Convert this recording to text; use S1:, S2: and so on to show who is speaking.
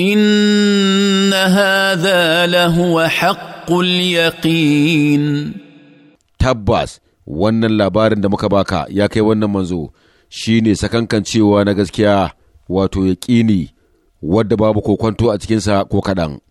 S1: ان هذا لهو حق اليقين tabbas wannan labarin da muka baka ya kai wannan manzo shine sakankan cewa na gaskiya wato yaƙini wadda babu
S2: kokwanto a cikinsa ko kaɗan